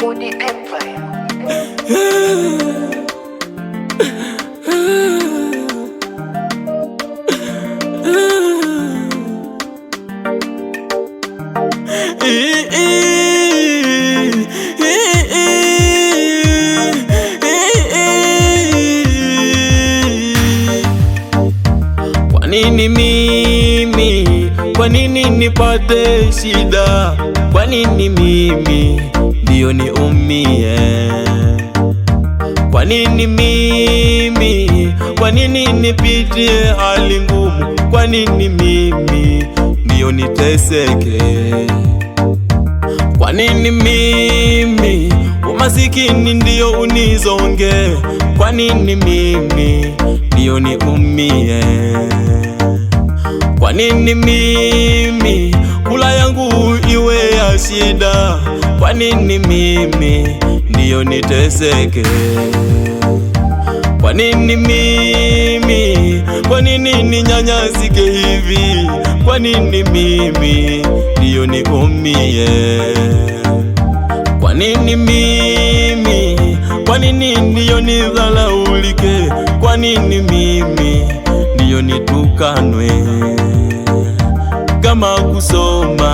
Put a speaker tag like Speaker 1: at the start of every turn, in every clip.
Speaker 1: Kwanini
Speaker 2: mimi? Kwanini nipate shida? Kwanini mimi? ni umie. Kwa nini mimi? Kwa nini nipitie hali ngumu? Kwa nini mimi ndiyo niteseke? Kwa nini mimi? Umasikini ndiyo unizonge. Kwa nini mimi ndiyo niumie? Kwa nini mimi? Kula yangu iwe ya shida. Kwa nini mimi ndiyo niteseke? Kwa nini mimi, kwa nini ninyanyasike hivi? Kwa nini mimi ndiyo niumie? Kwa nini mimi, kwa nini ndiyo nidhalaulike? Kwa nini mimi ndiyo nitukanwe kama kusoma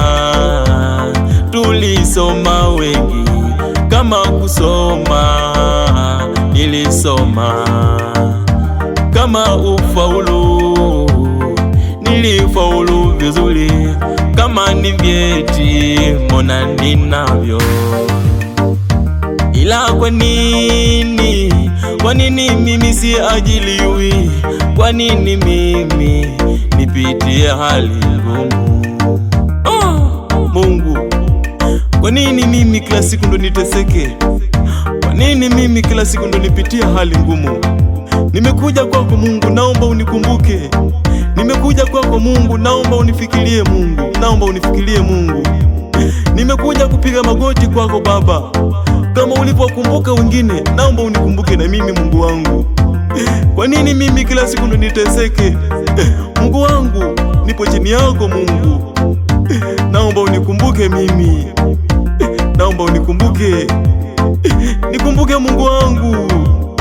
Speaker 2: nilisoma wengi kama kusoma, nilisoma kama ufaulu, nilifaulu vizuri kama ni vyeti, mona ninavyo ila kwa nini, kwa nini mimi si ajiliwi? Kwa nini mimi nipitie hali ngumu? Kwanini mimi kila siku ndo niteseke? Kwanini mimi kila siku ndo nipitia hali ngumu? Nimekuja kwako Mungu, naomba unikumbuke. Nimekuja kwako Mungu, naomba unifikirie Mungu, naomba unifikirie Mungu. Nimekuja kupiga magoti kwako Baba, kama ulipokumbuka wengine, naomba unikumbuke na mimi Mungu wangu. kwa nini mimi kila siku ndo niteseke? Mungu wangu, nipo chini yako Mungu, naomba unikumbuke mimi naomba unikumbuke, nikumbuke Mungu wangu,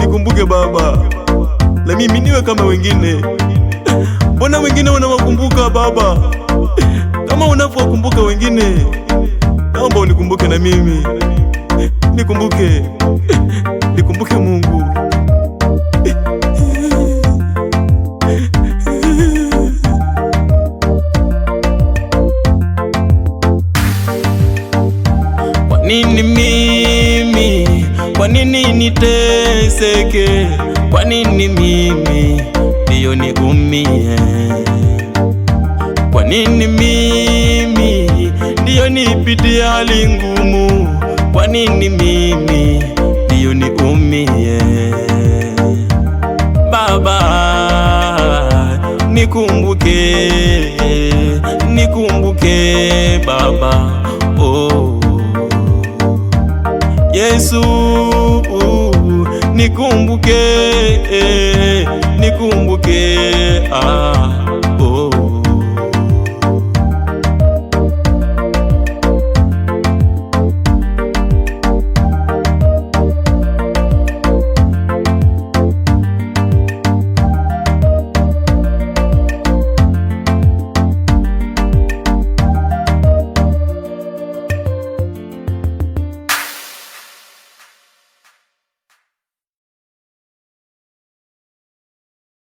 Speaker 2: nikumbuke Baba, na mimi niwe kama wengine. Mbona wengine unawakumbuka Baba kama unavyokumbuka wengine? Naomba unikumbuke na mimi, nikumbuke, nikumbuke Mungu. nini mimi? Kwa nini niteseke? Kwa nini mimi ndiyo niumie? Kwa nini mimi ndiyo nipitie hali ngumu? Kwa nini mimi ndiyo niumie? Baba nikumbuke, nikumbuke Baba Yesu nikumbuke, nikumbuke